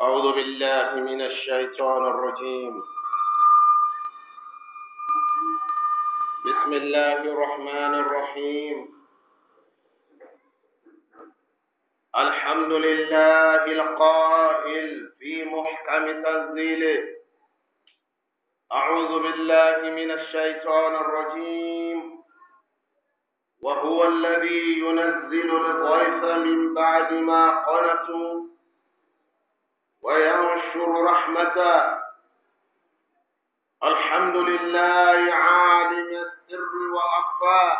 أعوذ بالله من الشيطان الرجيم بسم الله الرحمن الرحيم الحمد لله القائل في محكم تنزيله أعوذ بالله من الشيطان الرجيم وهو الذي ينزل الغيث من بعد ما قنطوا وينشر رحمته الحمد لله عالم السر وأخفى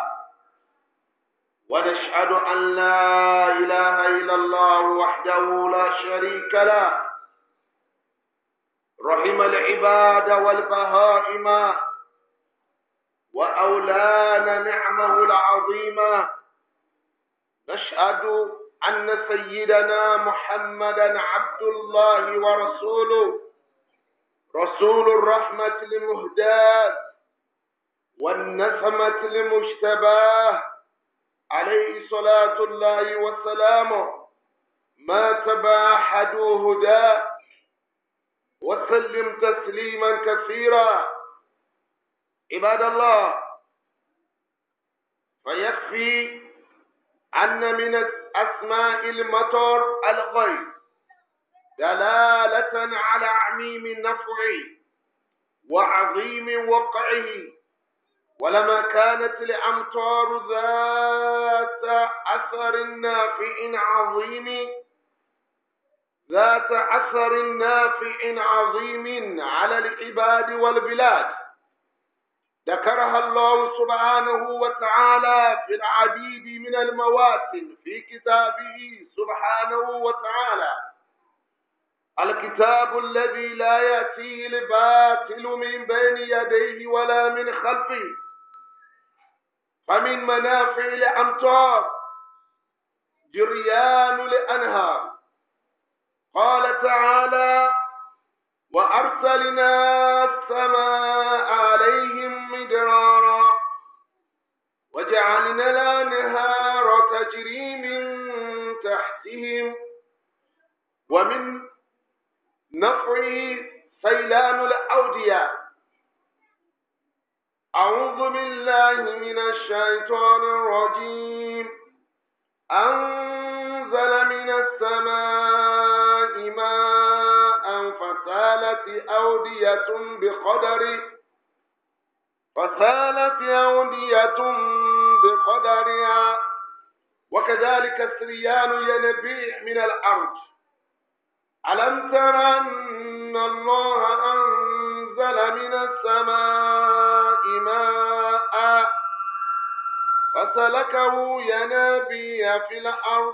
ونشهد أن لا إله إلا الله وحده لا شريك له رحم العباد والبهائم وأولانا نعمه العظيمة نشهد أن سيدنا محمدا عبد الله ورسوله رسول الرحمة المهداة والنسمة المجتباه عليه صلاة الله وسلامه ما تباحدوا هدى وسلم تسليما كثيرا عباد الله فيكفي أن من أسماء المطر الغيب دلالة على عميم نفعه وعظيم وقعه ولما كانت الأمطار ذات أثر نافع عظيم ذات أثر نافع عظيم على العباد والبلاد ذكرها الله سبحانه وتعالى في العديد من المواسم في كتابه سبحانه وتعالى الكتاب الذي لا يأتيه الباطل من بين يديه ولا من خلفه فمن منافع الأمطار جريان الأنهار قال تعالى وأرسلنا السماء عليهم مدرارا وجعلنا الأنهار تجري من تحتهم ومن نفعه سيلان الأودية أعوذ بالله من الشيطان الرجيم أنزل من السماء ماء فسالت أودية بقدر فسالت أودية بقدرها وكذلك السريان ينبيع من الأرض ألم تر أن الله أنزل من السماء ماء فسلكه ينابيع في الأرض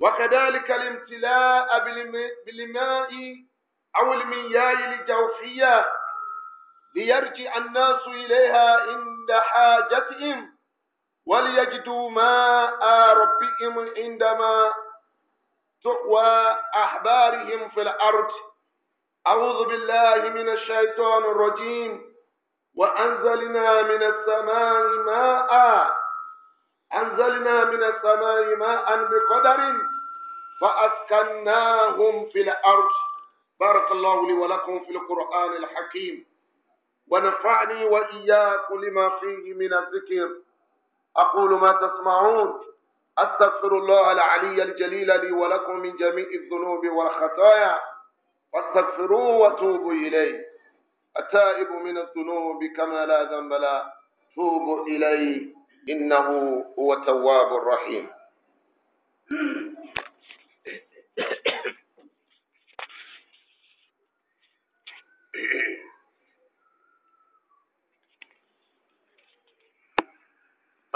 وكذلك الامتلاء بالماء أو المياه الجوفية ليرجع الناس إليها عند حاجتهم وليجدوا ماء ربهم عندما تقوى أحبارهم في الأرض أعوذ بالله من الشيطان الرجيم وأنزلنا من السماء ماء أنزلنا من السماء ماء بقدر فأسكناهم في الأرض بارك الله لي ولكم في القرآن الحكيم ونفعني وإياكم لما فيه من الذكر أقول ما تسمعون أستغفر الله العلي الجليل لي ولكم من جميع الذنوب والخطايا فاستغفروه وتوبوا إليه التائب من الذنوب كما لا ذنب له توبوا إليه إنه هو التواب الرحيم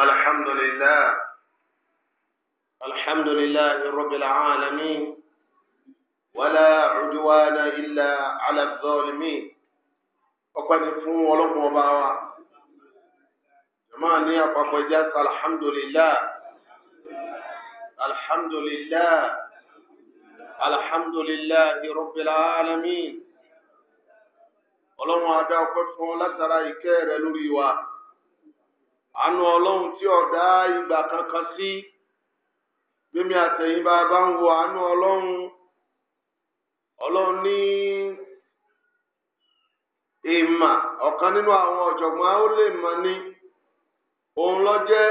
الحمد لله الحمد لله رب العالمين ولا عدوان إلا على الظالمين ọpẹ́ ni fún ọlọ́pàá ọba wa jọmọ ní àpapọ̀ ìjà alhamdulillah alhamdulillah. الحمد لله رب العالمين ọlọ́run adá ọpẹ́ fún látara ìkẹ́ rẹ̀ lórí wa àánú ọlọ́run tí ọ̀dá ìgbà kankan sí mímí àtẹ̀yìn bá ń wo àánú ọlọ́run ọlọ́run ní ìmà ọ̀kan nínú àwọn ọ̀jọ̀gbọ́n ó lè mọ̀ ní òun lọ jẹ́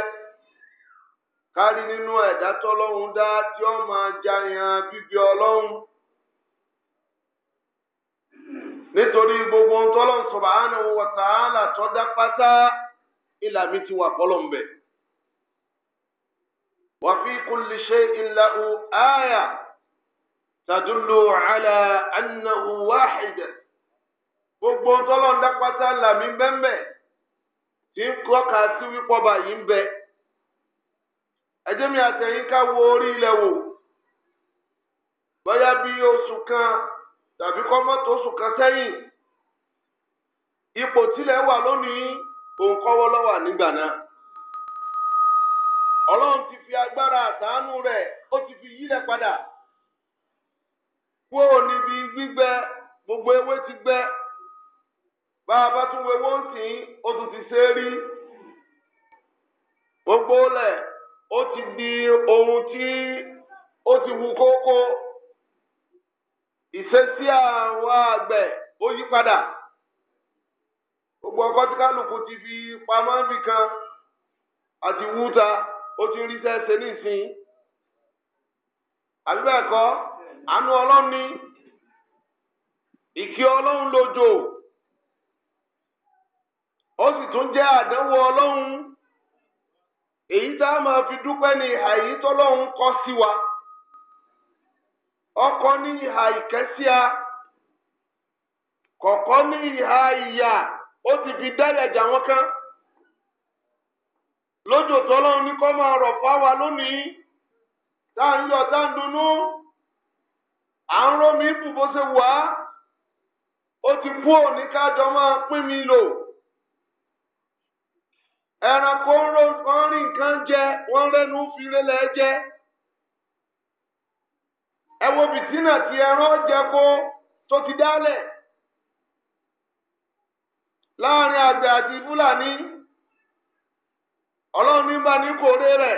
kárí nínú ẹ̀dá tọ́lọ́hún dá tí ó máa jayan bíbí ọlọ́hún. nítorí gbogbo ohun tọ́lọ́hún subhanahu wa ta'ala tó dá pátá ìlà mi ti wà kọ́lọ̀m̀bẹ̀. wa fi kulli shay'in lahu aya tadullu ala annahu wahid. gbogbo tọ́lọ́hún dá pátá ìlà bẹ́ẹ̀ bẹ́ẹ̀ tí ń kọ́ka sí wípọ́ báyìí ń bẹ́ẹ̀. ẹ jẹ́ mi àtẹ̀yìn ká wo orí ilẹ̀ wò bóyá bí oṣù kan tàbí kọ́mọ́tò oṣù kan sẹ́yìn ipò tílẹ̀ wà lónìí òun nígbà náà ọlọ́run ti fi agbára àtàánú rẹ̀ ó ti fi yílẹ̀ padà kúrò níbi gbígbẹ gbogbo ewé ti gbẹ bá a bá tún wo ti ṣe é ó ti di ohun tí ó ti wu kókó ìṣesí àwọn àgbẹ̀ ó yí padà gbogbo ọkọ tí kálukú ti fi pamọ́ nìkan àti wúta ó ti rí sẹ́sẹ́ nísìnyí àbí àánú ọlọ́run ní ìkí ọlọ́run lójó ó sì tún jẹ́ àdánwò ọlọ́run. èyí tá a máa fi dúpẹ́ ní ìhà tọ́lọ́hún kọ́ sí wa ọkọ ní ìhà ìkẹ́síà kọ̀ọ̀kọ́ ní ìhà ìyà ó ti fi dáyàjà wọn kán lójò tọ́lọ́hún ní kọ́ máa rọ̀ fáwa lónìí tá à ń yọ̀ tá ń dunnú ẹranko ń rí nǹkan jẹ wọ́n lẹ́nu fi lélẹ̀ jẹ ẹ wo bìtínà tí ẹran jẹko tó ti dálẹ̀ láàrin àgbẹ̀ àti fúlàní ọlọ́run ní bá ní kórè rẹ̀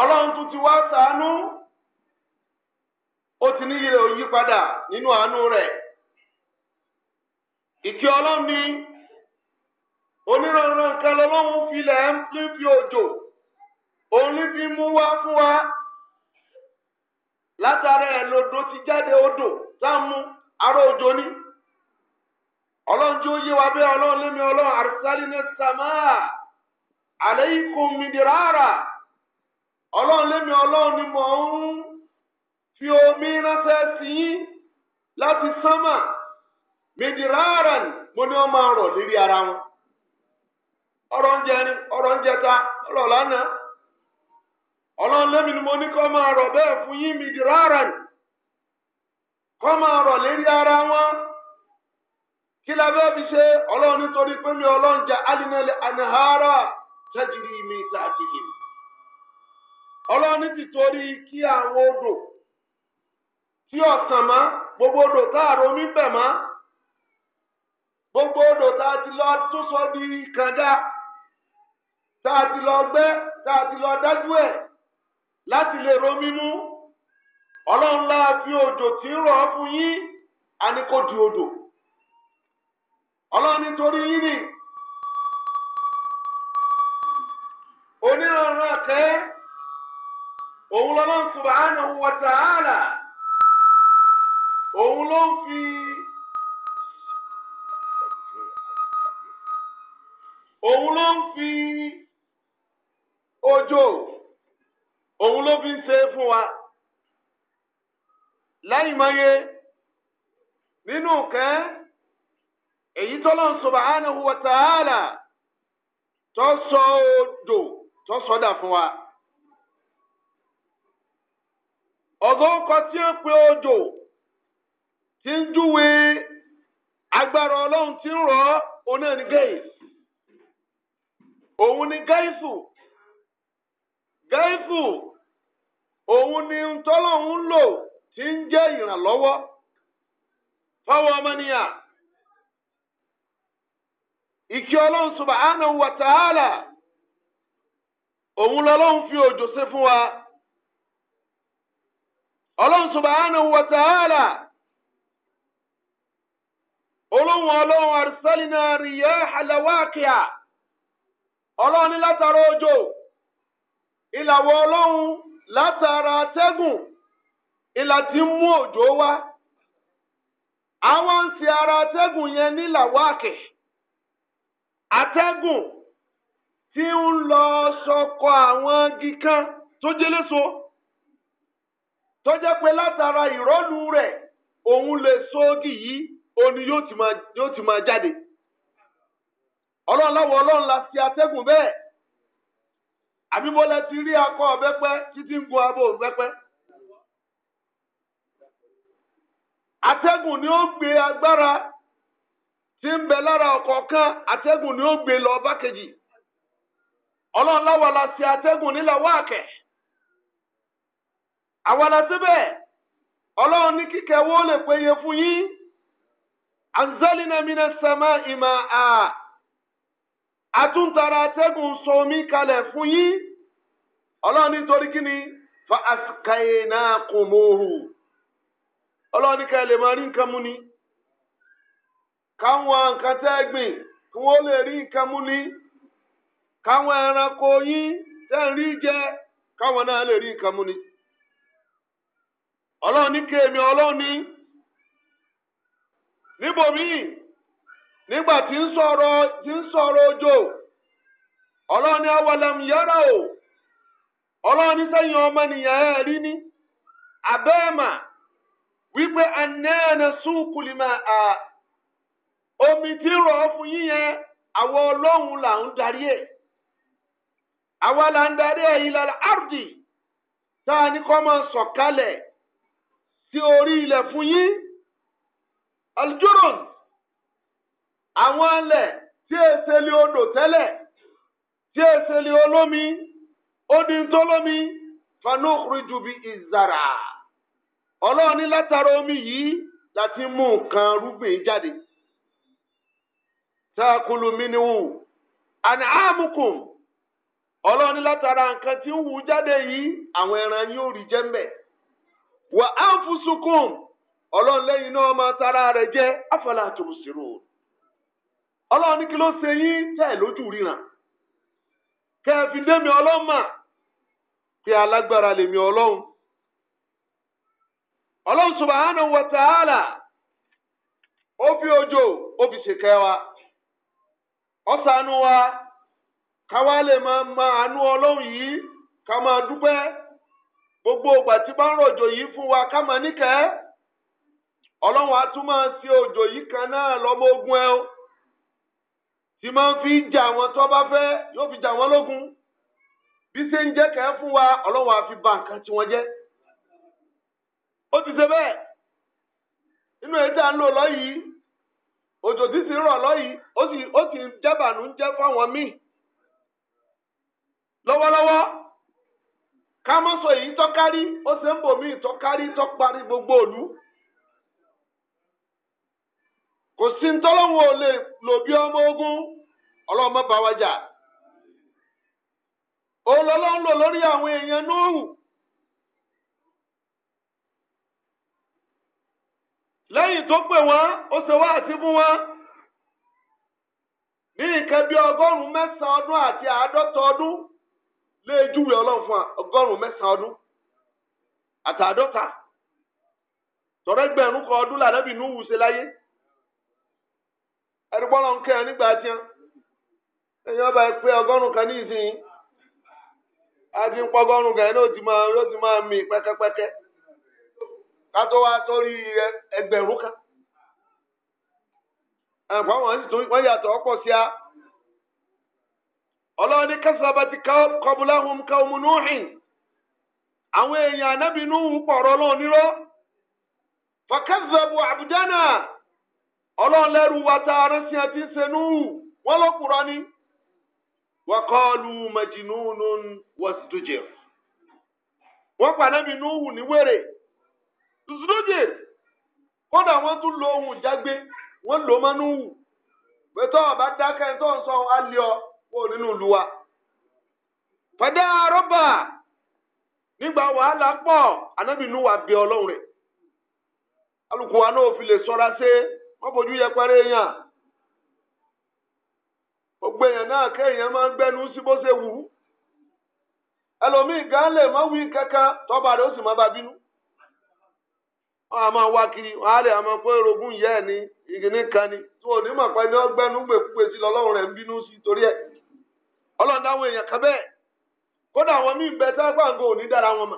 ọlọ́run tún ti wá ṣàánú ó ti onírànran nǹkan lọ́lọ́run filẹ̀ ń fi òjò òun ní fi mú wá fún wa látara ẹ̀ ti jáde odò sáàmú aró òjò ní ọlọ́run tí ó yé wa bẹ́ẹ̀ ọlọ́run ọlọ́run àrísálí ní sàmáà àléékùn mìdíràrà ọlọ́run lémi ọlọ́run ni mò ń omi ránṣẹ́ sí yín láti sánmà mo ní Ọrọ oúnjẹ ni ọ̀rọ̀ oúnjẹ ta ọ̀rọ̀ lánàá ọlọ́run ni mo ní kọ́ máa rọ̀ bẹ́ẹ̀ fún yín mi di ara nì kọ́ máa rọ̀ lérí ara wọn kí la bẹ́ẹ̀ fi ṣe ọlọ́run nítorí pé mi ọlọ́run jẹ alinẹ́lẹ̀ anahara tajiri mi tààtì yìí ti torí kí àwọn odò tí ọ̀sán gbogbo odò bẹ̀ gbogbo odò sọ tá a ti lọ gbẹ́ tá a ti lọ dájú ẹ̀ láti lè romínú ọlọ́run láà fi òjò tí ń rọ̀ fún yín àní odò ọlọ́run nítorí yín ni onírànràn kẹ́ òun lọ́lọ́run subhanahu wa ta'ala òun ló ń fi. fi ojo òun ló fi ń ṣe fún wa lẹ́yìn mọ́yé nínú kẹ́ èyí tọ́lọ́run subhanahu wa ta'ala tó sọ odò tó fún wa. ọ̀gọ́kọ tí ó pe odò tí ń júwe agbára ọlọ́run tí ń rọ̀ ọ́ onáà ní òun ní gẹ́fù òun ni tọ́lọ́hún lò tí ń jẹ́ ìrànlọ́wọ́ fáwọn ọmọnìyàn ìkí ọlọ́run subhanahu wa ta'ala òun lọ́lọ́run fi òjò ṣe fún wa ọlọ́run subhanahu wa ta'ala olóhùn ọlọ́run arsalina riyaha lawaqi'a ọlọ́run ní látara ìlàwọ̀ ọlọ́run látara atẹ́gùn ìlà tí ń mú òjò wá àwọn ń ara atẹ́gùn yẹn nílàwáàkì atẹ́gùn tí ń lọ sọkọ àwọn igi kan tó jẹ́léso tó jẹ́ pé látara ìrọ́lù rẹ̀ òun lè sóògì yìí òun ni yóò ti máa la atẹ́gùn bẹ́ẹ̀. àbíbọ́lá ti rí akọ ọ̀bẹ́pẹ́ títí ń gun abọ́ ọ̀bẹ́pẹ́. ni ó gbé agbára tí ń bẹ lára ọ̀kọ̀ọ̀kan atẹ́gùn ni ó gbé lọ bákejì kejì. ọlọ́run láwa la ṣe atẹ́gùn nílẹ̀ wáàkẹ́. àwa lè péye fún yín. anzalina mina sama ima a. Ah. atuntara atẹ́gùn sọ omi kalẹ̀ fún yín ọlọ́run nítorí kí ni fa àsìkàyè náà kò mòhù ọlọ́run ní ká lè máa rí nǹkan mú ni káwọn nǹkan gbìn kí lè rí nǹkan mú ni káwọn ẹranko yín nígbà tí ń sọ̀rọ̀ tí ń sọ̀rọ̀ òjò ọlọ́ni awalam yára o ọlọ́ni sẹ́yìn ọmọnìyàn ẹ̀ rí ní abẹ́ẹ̀mà wípé anẹ́ẹ̀nà súnkùlìmọ̀ a omi tí rọ̀ ọ́ fún yíyẹn àwọ ọlọ́run là ń darí ẹ̀ àwa là ń darí ẹ̀ ilẹ̀ ardi tá a ní kọ́ máa sọ̀kalẹ̀ sí orí ilẹ̀ fún yín àwọn alẹ̀ tí èsèlè odò tẹlẹ tí èsèlè olómi odi tó lómi fanukhriju bi ìzàrà ọlọ́run látara omi yìí láti mú nǹkan rúgbìn jáde takulu miniwu àní àmukùn ọlọ́run ní látara nǹkan tí ń wù jáde yìí àwọn ẹran yóò rí jẹ́ mbẹ̀ wà á fún sukùn ọlọ́run lẹ́yìn náà máa tara rẹ̀ jẹ́ afala tòun sí rò. ọlọ́run ní kí ló ṣe yín tẹ̀ lójú ríran kẹfì démi ọlọ́run mà ọlọ́run ọlọ́run ó fi lè máa ma àánú ọlọ́run yìí ká máa dúpẹ́ gbogbo ìgbà tí bá ń rọ̀jò yìí fún wa ká máa níkẹ́ ọlọ́run á tún yìí kan ogun ẹ tí máa ń fi jà wọn tó bá fẹ́ yóò fi jà wọn lógun bí ṣe ń jẹ́ kẹ́ fún wa ọlọ́run àfi ba nǹkan tí wọ́n jẹ́ ó ti ṣe bẹ́ẹ̀ inú èyí ń lò lọ́yìí òjò tí sì ń rọ̀ lọ́yìí ó sì ó sì ń jẹ́bàánú jẹ́ fáwọn míì lọ́wọ́lọ́wọ́ ká mọ́ sọ èyí tọ́kárí ó ṣe ń bò míì tọ́kárí tọ́parí gbogbo òlu kò sí ntọ́lọ́wọ́ ò lè lò bí ọmọ ogun ọlọ́mọ bá wa jà olọ́lọ́ ń lò lórí àwọn èèyàn nóòhù lẹ́yìn tó pè wọ́n ó ṣe wá àti fún wọn ní nǹkan bíi ọgọ́rùn-ún mẹ́sàn-án ọdún àti àádọ́ta ọdún lé ọlọ́run fún wa ọgọ́rùn-ún mẹ́sàn-án ọdún àtàádọ́ta tọ́rẹ́gbẹ̀rún kan ọdún làdábì nùhù ṣe láyé. ẹ̀rúgbọ́nrọ̀ ń kẹ́ ẹ nígbà tí ẹ̀yin ọba pé ọgọ́rùn kan ní ìsìn àti ń pọ́gọ́rùn kan yóò ti máa yóò ti máa mì pẹ́kẹ́pẹ́kẹ́ ká tó wá sórí ẹgbẹ̀rún kan ẹ̀fọ́ wọn sì tún wọ́n yàtọ̀ ọ̀pọ̀ sí a ọlọ́run ní kẹsàbà ti kọbùláhùn káwọn nùhìn àwọn èèyàn anábìínú pọ̀rọ̀ lọ́nirọ́ fọkẹ́sàbù àbújá náà. ọlọ́run lẹ́rù wa tá a rántí ẹ ti ń ṣe núhù wọ́n ló ni. wàkọ́ọ̀lù majinunun wasdujir. wọ́n pa Ànábì núhù ní wèrè. wasdujir. kódà wọ́n tún lo ohun jágbe wọ́n lò mọ́ pẹ̀tọ́ ọba dákẹ́ tó ń sọ alẹ́ ọ kó nínú ìlú wa. fàdá rọ́bà nígbà wàhálà pọ̀ ọlọ́run rẹ̀. alùpùpù wa náà fi lè wọn fojú yẹpẹrẹ èèyàn gbogbo èèyàn náà kéèyàn máa ń gbẹnu sí bó ṣe wù ú ẹlòmíì gan lè má wí kankan tọ́ba rẹ̀ ó sì má ba bínú wọn a máa wá kiri wọn a lè àmọ́ pé orogún ìyá ẹ̀ kan ni tí wọn ò ní mọ̀ pé ní ọgbẹ́nu gbèkúgbè sí ń bínú sí torí èèyàn kan kódà àwọn míì bẹ tá gbàǹgò ò ní dára wọn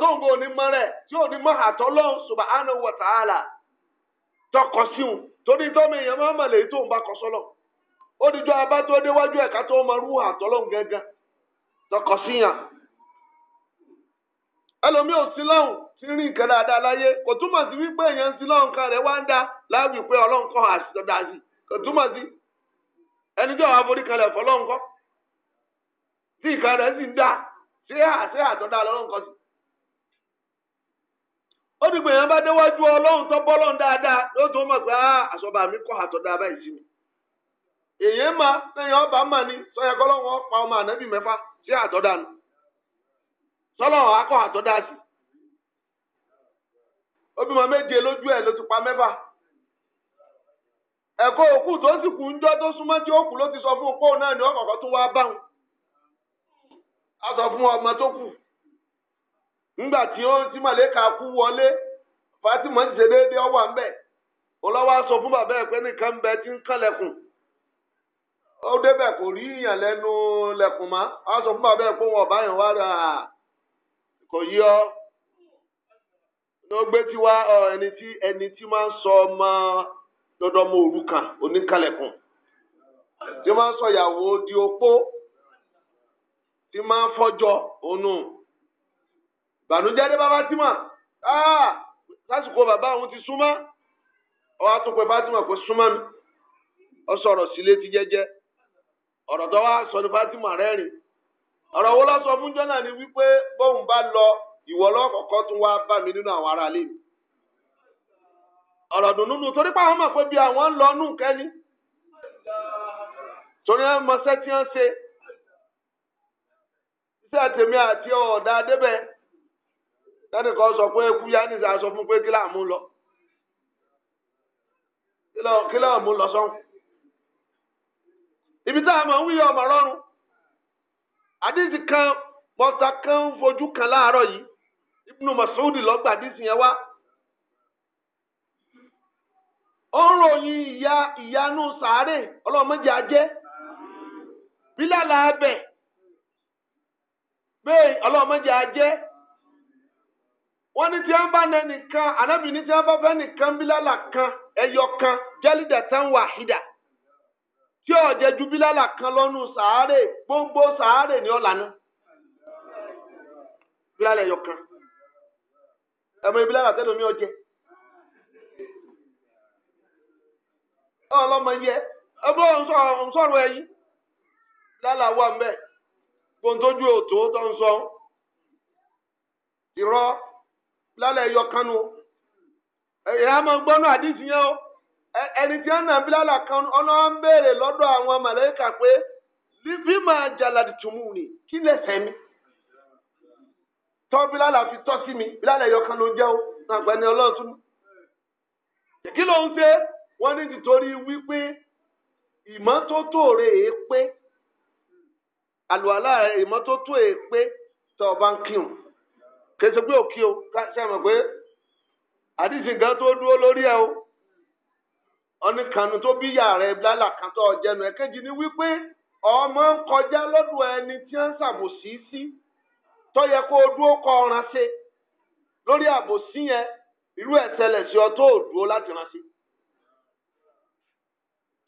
tó ń tọkọ sí òun torí tọ́mọ èèyàn máa ń mọ̀lẹ́ tó ń bá kọ sọ́lọ̀ ó abá tó déwájú ẹ̀ka tó máa rú àtọ́lọ́hún gángan tọkọ sí yàn ẹlòmíì ò sí lọ́hùn tí rí nǹkan dáadáa láyé kò túmọ̀ sí wípé èèyàn sí lọ́hùn kan rẹ̀ wá ń dá láàbì pé àṣìṣọ́dá sí kò túmọ̀ sí ẹni àwọn tí rẹ̀ sì ń dá ó dìgbò yẹn bá déwájú ọlọ́run tó bọ́lọ́run dáadáa yóò tó mọ̀ pé ah, àṣọba mi kọ àtọ̀ dáa báyìí sí mi. ma lẹ́yìn ọba mà ní sọ́yẹ́ kọ́lọ́run ọmọ ànábì mẹfa sí àtọ̀ dànù sọ́lọ́run akọ́ àtọ̀ dáa sí. obìnrin méje lójú ẹ ló ti pa mẹ́fà. ẹkọ òkú tó sì kú ń jọ́ tó tí ó ló ti a sọ ńgbà tí ó ti màlẹ́kà kú wọlé Fatima ti ṣe déédéé ọwà ń bẹ̀ ọlọ́wà sọ fún bàbá ẹ̀ pé nìkan ń bẹ tí ń kànlẹ̀kùn ó débẹ̀ kò rí ìyàn lẹ́nu lẹ̀kùn mọ́ á sọ fún bàbá ẹ̀ pé wọn ọ̀bá yẹn wá rà kò yí ọ ló gbé tiwa ẹni tí ẹni tí máa ń sọ ọmọ dọdọmọ òrukàn oníkànlẹ̀kùn tí máa ń sọ ìyàwó di opó tí máa ń fọjọ ònù. bànújẹ́ dé bá Fatima ah! lásìkò bàbá òun ti súnmọ́ ọ wá tún pé Fatima kò súnmọ́ mi ọ sọ̀rọ̀ sí létí jẹ́jẹ́ ọ̀rọ̀ tó wá sọ ní Fatima rẹ́rìn ọ̀rọ̀ wo lọ fún jọ́nà ni wípé bóun bá lọ ìwọ lọ́kọ̀ọ́kọ́ tún wá bá mi nínú àwọn aráalé ọ̀rọ̀ dùnú nù torí pé àwọn mọ̀ pé bí àwọn ń lọ nù kẹ́ni torí wọn mọ sẹ́tí ń ṣe iṣẹ́ tèmi àti débẹ̀. tẹnìkan kan pé ikú yá ní sàn sọ fún pé ibi a ń wí ọmọ rọrùn àdìsí kan bọ́tà kan fojú kan láàárọ̀ yìí Ibnu Mas'ud lọ́gbà àdìsí yẹn wá ó ń ròyìn ìyá ìyanu sàárè ọlọ́mọdé ajé bẹ́ẹ̀ ọlọ́mọdé ajé. wọ́n ní tí bá nìkan ní bá bílálà kan ẹyọkan kan wàhídà tí ọ̀jẹ̀ ju bílálà kan lọ́nu sàárè gbóngbó sàárè ní ọlànà bílálà ẹyọkan ìbílálà omi yẹ ẹ̀yìn wà òtò tó ń sọ bílálà ẹyọ kan nu ẹyà máa gbọ́nú àdìsí yẹn o ẹni tí wọn nà bílálà kan ọlọ́wọ́ ń béèrè lọ́dọ̀ àwọn màlẹ́kà pé bí máa jàlàdì tùmù ni kí mi tọ́ fi tọ́ sí mi bílálà ẹyọ kan ló jẹ́ o nàgbẹ́ni ọlọ́ọ̀tún kí ló ń ṣe ní nítorí wípé ìmọ́tótó rẹ̀ é pé kèsì pé òkè o sẹ́mi pé àdìsí nǹkan tó dúró lórí ẹ o ọ̀nìkànnù tó bí yà rẹ lálà kan tó ọ̀jẹ̀nu ẹ̀ kejì ni wípé ọmọ ń kọjá lọ́dọ̀ ẹni tí ń ṣàbòsí sí tó yẹ kó o dúró kọ ọ̀ràn ṣe lórí àbòsí yẹn irú ẹ̀ ṣẹlẹ̀ sí ọ tó dúró láti ràn ṣe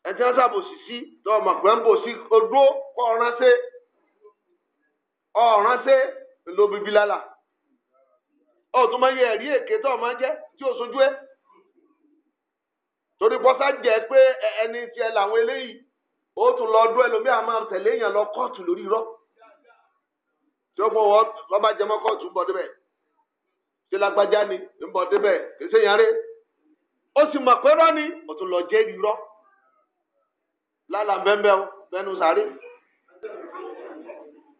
ẹ ti ń ṣàbòsí sí tó ọmọ pé ń bò sí o dúró kọ ọ̀ràn ṣe ọ̀ràn ṣe ló bíbí lálà. ọ̀tún máa ń yẹ ẹ̀rí èké tó máa ń tí o sojú ẹ̀ torí bọ́sá pé ẹni tiẹ̀ làwọn eléyìí ó tún lọ dún ẹlòmíì àmọ́ tẹ̀lé èèyàn lọ kóòtù lórí irọ́ tí ó gbọ́n wọn lọ́ba jẹmọ́ kóòtù ń bọ̀ lọ jẹ́ irọ́ lálàbẹ́ńbẹ́ bẹ́nu sáré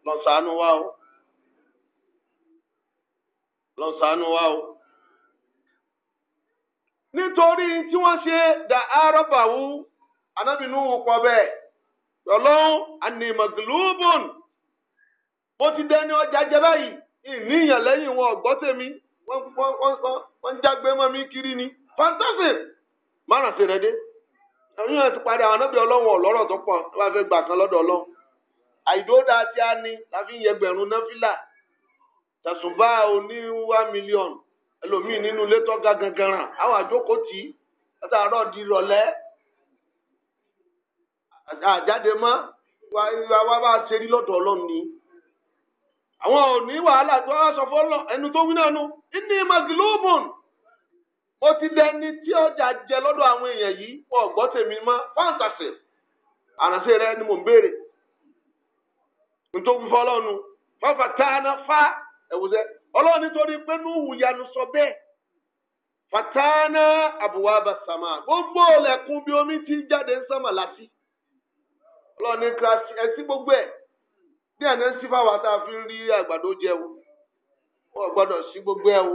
lọ sànú wa o. lọ ṣàánú wa o. nítorí tí wọ́n ṣe dà árọ́bàwú anábìnú kọ bẹ́ẹ̀ ọlọ́run ànìmọ̀gìlúbùn mo ti dẹni ọjà jẹ báyìí ìníyàn lẹ́yìn wọn ọ̀gbọ́ tèmi wọ́n ń jágbe mọ́ mi kiri ni fantastic márùn sí rẹ dé ẹ̀yìn ẹ̀ ti parí àwọn anábìá ọlọ́run ọ̀lọ́rọ̀ tó pọ̀ wọ́n fẹ́ gbà kan lọ́dọ̀ ọlọ́run àìdóòdà tí a ní la fi ń yẹgbẹ̀rún náfìlà tẹ̀sùnbá oní one million ẹlòmíì nínú ilé tó ga gangan àwọn àjókòó tì látàárọ̀ di ìrọ̀lẹ́ àjáde mọ́ wá bá a ṣe rí lọ́dọ̀ ọlọ́run ni àwọn òní wàhálà tó wá sọ fọlọ ẹnu tó wí náà nu ìní magilobon mo ti dẹni tí ọjà jẹ lọ́dọ̀ àwọn èèyàn yìí wọn gbọ́ tèmi mọ́ fáǹtàsì àrànṣe rẹ ni mò ń béèrè nítorí fọlọ́nu fọfà tá a ná fá ẹwùsẹ Ọlọ́run nítorí pé Nuhu yanu sọ bẹ́ẹ̀ fatana abuwaba sama gbogbo ọlẹkùn bí omi ti jáde ń sàmà láti Ọlọ́run ní kíláàsì ẹsí gbogbo ẹ bí àná sí fáwọn tá a rí àgbàdo jẹ o wọn gbọ́dọ̀ sí gbogbo ẹ o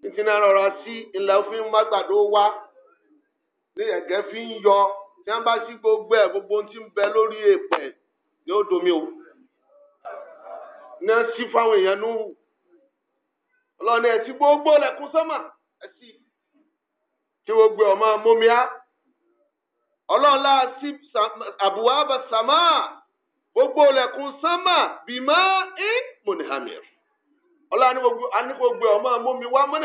títí náà rọra sí ilẹ̀ òfin mágbàdo wá ní ẹ̀gẹ́ fi ń yọ tí wọ́n bá sí gbogbo ẹ̀ gbogbo ohun tí ń bẹ lórí èèpẹ̀ yóò domi o. na ẹ fáwọn èèyàn núhù ọlọ́ni gbogbo lẹ́kùn sọ́mà ẹ tí wọ́n gbé ọmọ mọ́míá ọlọ́ọ̀lá sí àbúwábà sàmà gbogbo lẹ́kùn sọ́mà bímá ẹ́ mọ̀nìhàmìr ọlọ́ni gbogbo ọmọ momi omi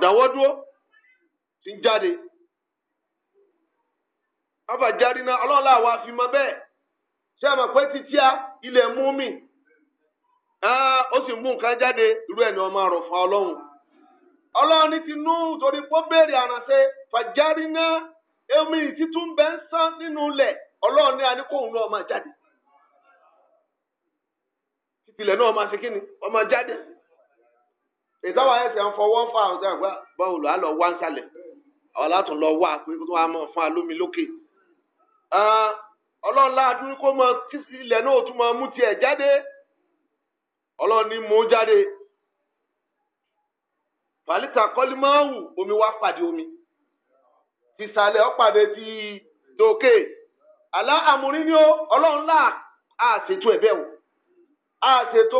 tí ni ti ń jáde. ṣé ẹ mọ̀ ile títí a mi ó sì mú nǹkan jáde irú ẹ̀ eni wọ́n fún ọlọ́run ọlọ́run ní ti nú torí pé ó béèrè àránṣẹ́ fàjárì náà èmi ìtítún bẹ́ ń sán nínú ilẹ̀ ọlọ́run ní aníkóhùn náà máa jáde ilẹ̀ náà máa ṣe kí ni wọ́n máa jáde ìtawà ẹsẹ̀ ń fọwọ́ fà ọ̀dọ́ àgbà bọ́ọ̀ lọ́ àlọ́ wá ń sálẹ̀ ọlọ́la adúrú mọ kí ilẹ̀ náà tún mọ mú tiẹ̀ jáde ọlọ́ni mú jáde fàlítà omi wá pàdé omi tìsàlẹ̀ ọ̀pàdé ti dòkè àlá àmúrí ni ó ọlọ́ọ̀lá àṣètò ẹ̀bẹ̀ wò àṣètò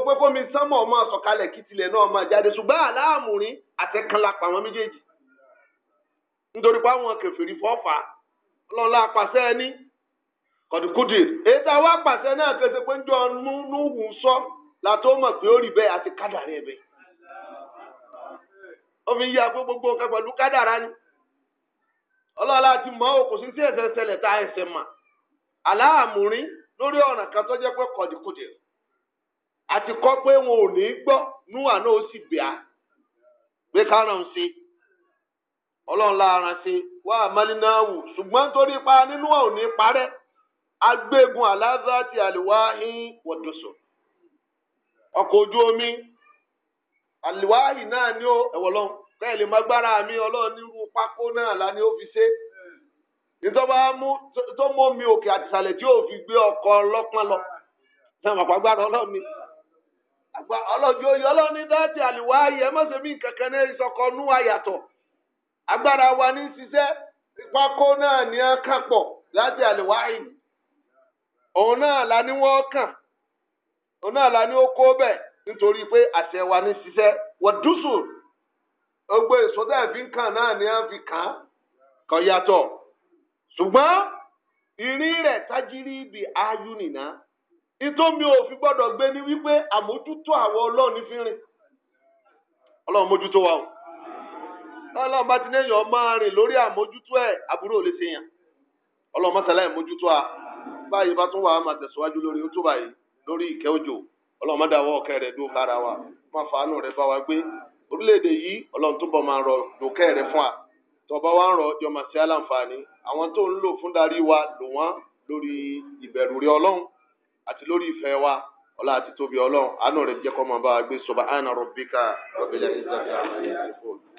sánmọ̀ ọmọ sọ̀kalẹ̀ náà máa jáde ṣùgbọ́n àlá àmúrí àtẹ̀kànlá méjèèjì nítorí pé àwọn kẹfìrí fọ́ fà kọ̀dùkùdì èyí tá a wá náà kẹsẹ̀ pé ń jọ núhù sọ látó mọ̀ pé ó rí bẹ́ẹ̀ àti kádàrá ẹ̀ bẹ omi fi gbogbo nǹkan kádàrá ni ọlọ́ọ̀la ti mọ̀ ọ́ sí sí tá mà lórí ọ̀nà kan tó jẹ́ pé àti kọ́ pé wọn ò ní gbọ́ náà ó sì pa nínú ọ̀ agbégun aláza àti àlùwáhìn wọ̀dùsùn ọkọ̀ ojú omi àlùwáhìn náà ni ó ẹ̀wọ̀ lọ́hùn bẹ́ẹ̀ lè gbára mi ọlọ́run pákó náà lá ó fi ṣe nítorí tó mú mi òkè àtìsàlẹ̀ tí fi gbé ọkọ̀ ọlọ́pàá lọ náà àgbà dáàtì ẹ má ṣe mí kankan náà nú àyàtọ̀ agbára wa ní ṣiṣẹ́ ìpákó náà ẹ òun náà la ní wọ́n kàn òun náà la ní ó kó bẹ̀ nítorí pé àṣẹ wa ní ṣiṣẹ́ wọ́n dùsù gbogbo èso tẹ́ fi ń kàn náà ni à ń fi kàn án kò yàtọ̀ ṣùgbọ́n ìrìn rẹ̀ tajiri ibi ayú nìna ìtòmí fi gbọ́dọ̀ gbé ní wípé àmójútó àwọn ọlọ́run ní fínrin ọlọ́run mójútó wa o ọlọ́run bá ti ní èèyàn máa rìn lórí àmójútó ẹ̀ àbúrò lè ṣe yàn ọlọ́run mọ́sálá ẹ̀ mójútó a. báyìí bá tún wà á máa tẹ̀síwájú lórí ojú báyìí lórí ìkẹ́ òjò ọlọ́run má ọ̀kẹ́ rẹ̀ dúró lára wa má fàánù rẹ̀ bá wa gbé orílẹ̀-èdè yìí ọlọ́run túbọ̀ máa rọ dòkẹ́ rẹ̀ fún wa tọba wa ń rọ ọjọ́ màsí aláǹfààní àwọn tó ń lò fún darí wa lò wọ́n lórí ìbẹ̀rù rẹ̀ ọlọ́run àti lórí ìfẹ́ wa ọlá àti tóbi ọlọ́run àánú rẹ̀ jẹ́ kó máa bá wa gbé subhana rabbika rabbil izzati amma yasifun.